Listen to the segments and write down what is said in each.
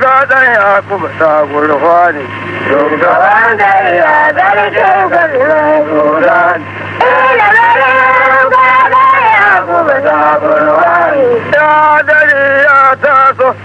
ga dan yakubu ta gurfa ne shugaban da ya zarce ga gurfa Ya ya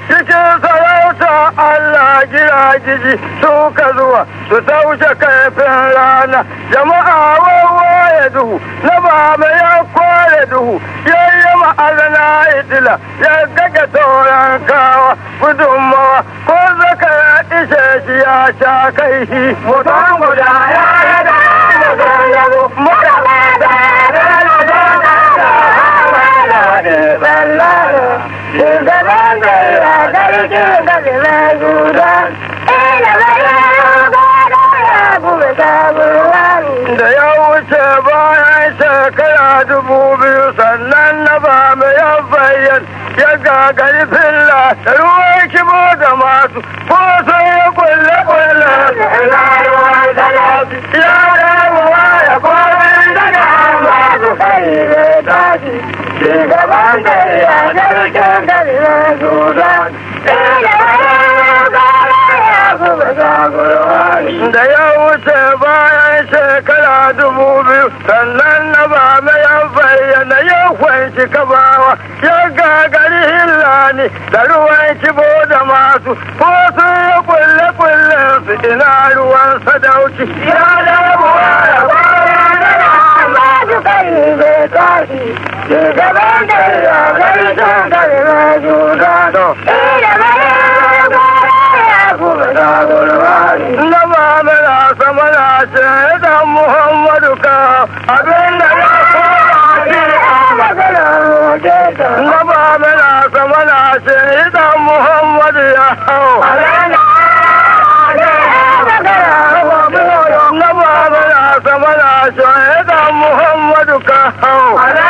cikin sarauta Allah gira su suka zuwa su taushe kaifin rana jama'a wawa duhu na baba ya kore duhu ya azana itila ya daga tauran kawa gudunmawa ko zaka ya ɗishe shi ya sha kai shi mutum guda ya yada mutum yabo mutum da bayan ya wuce bayan shekara dubu biyu kama ya bayan ya gagari filla ruwan kibo da masu ko sai ya kulle kulle ina ruwan talafi ya ya komai daga masu kai ne tashi shi gaban gari a garken gari na da ya wuce bayan shekara dubu biyu sannan cika bawa shagga gari hillani da ruwan kibo da masu ko sun yi kulle kullen su ina ruwan sadauki ya rabuwa da bawa na masu kai da tashi shugaban da ya gari shan gari na juda do ina mara ya kuma da gurwari na mamala sama na shaidan muhammadu ka abin Gaba bela sama na ce Muhammadu ya hau. sama na Muhammadu ka hau.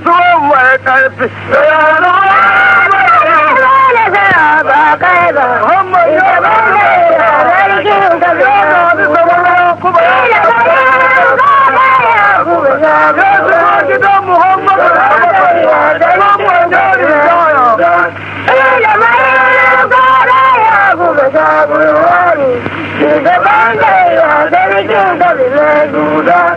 mai ƙarfi. Shugaban da yawa zargin da bilai guda,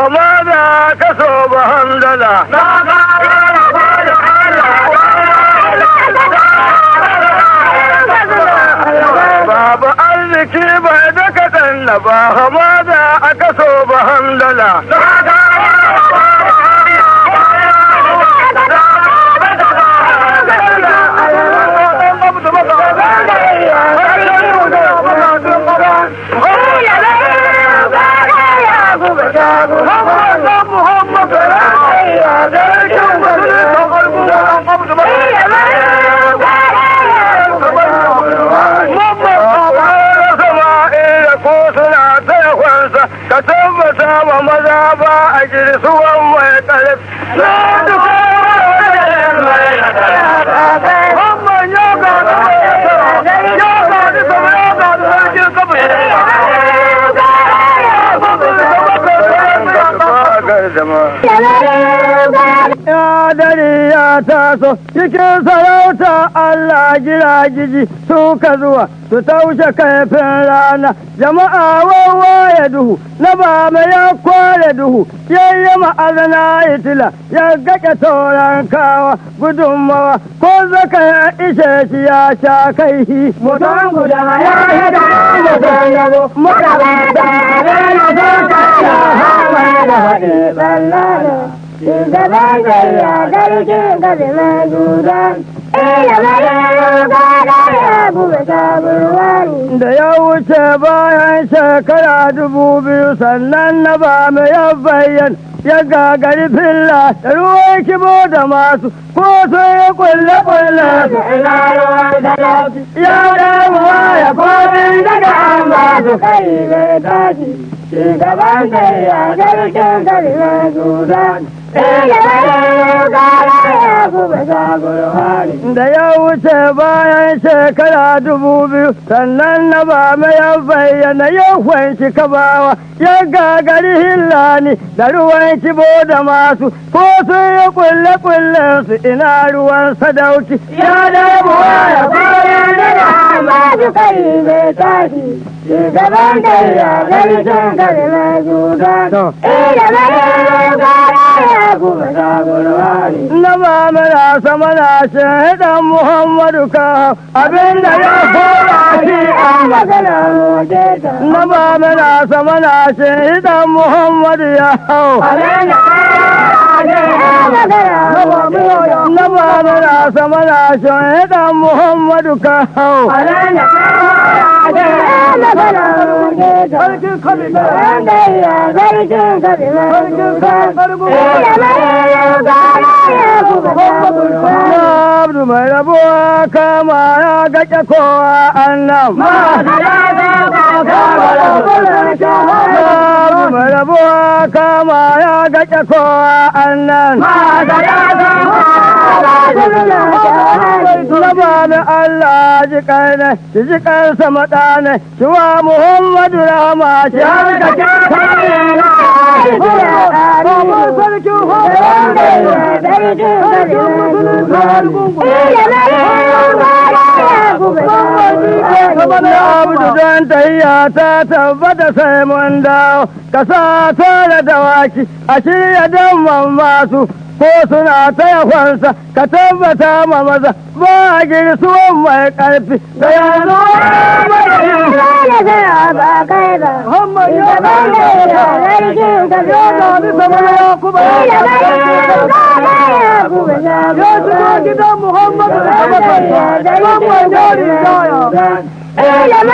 ba ma da aka so ba hamdala Oh, ta taso cikin sarauta Allah giragiji suka zuwa su taushe kaifin rana jama'a wawa ya duhu na baba ya kware duhu yayye ma'azana itila ya gaƙe tauran kawa gudunmawa ko zaka ya ishe shi ya sha kai shi mutum guda ya yi da mutum yabo mura ba da rana zaka ya hawa da haɗe tsallala da ya wuce bayan shekara dubu biyu sannan na ba mai ya bayyan ya gagari filla da ruwan kibo da masu ko sun yi kulle kulle ya damuwa ya komi daga an ba su kai mai tashi shugaban gayya garkin gabi mandura da ya wuce bayan shekara dubu biyu sannan na ba ya bayyana ya shi kabawa ya gagari hillani da ruwan kibo da masu ko sun yi kulle kulle su ina ruwan sadauki ya da ya fara da ma kai mai tashi Shugaban tarya sarkin kalmar zuga, eh da mara gara ya kuma Nama mana sama na shaidan Muhammadu ka abin da ya kora shi a magana muteta. Nama mana sama na shaidan Muhammadu ya hau. Abin da ya kora shi a magana Nama mana sama na shaidan Muhammadu ka hau. Abin da ya kora Sarkin kabila. Wanda ya sarkin kabila. Sarkin kabila. Ilimin rabuwa kama ya gaƙe kowa annan. Ma ka kama rabuwa ya gaƙe kowa annan. Ma Labana Allah ji karne, ki ji karsa maɗane, ki wa Muhammadu Rahama, ki harka ki Abdu don tayya ta tabbata sai mun dawo, ka sa tare da waki, a shirya don mamma su, ko suna taya kwansa ka tabbata ma maza ba a girsuwan mai ƙarfi da ya zo ya shigo gidan da ya ya ya.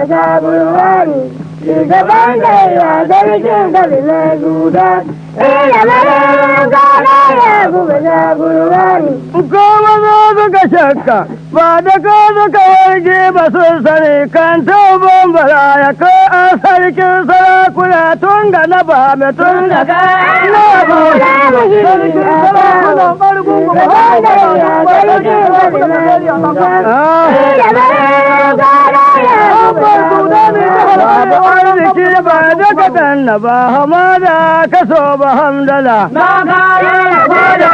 Ya ya ya shugaban da ya zargin kabilar guda ina mara gara ya buga jagorwani goma zo suka shakka ba da ko suka warge ba sun sani kan tauban bara ya ko an sarkin sarakuna tun ga na ba mai tun da ka na ba sarkin sarakuna bargun kuma ba da ya zargin kabilar guda ina mara ba da kaɗan na ba hamada kaso ba hamdala. ba da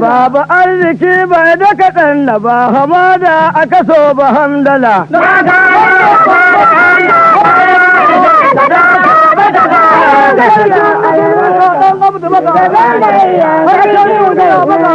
Baba arziki ba da kaɗan na ba da a so ba hamdala.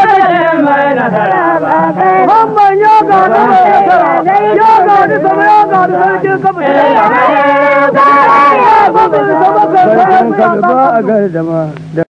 Mamman ya gani ya gani sama ya gani sarkin sama ya gani. Ya gani sama ya gani sarkin sama a gardama.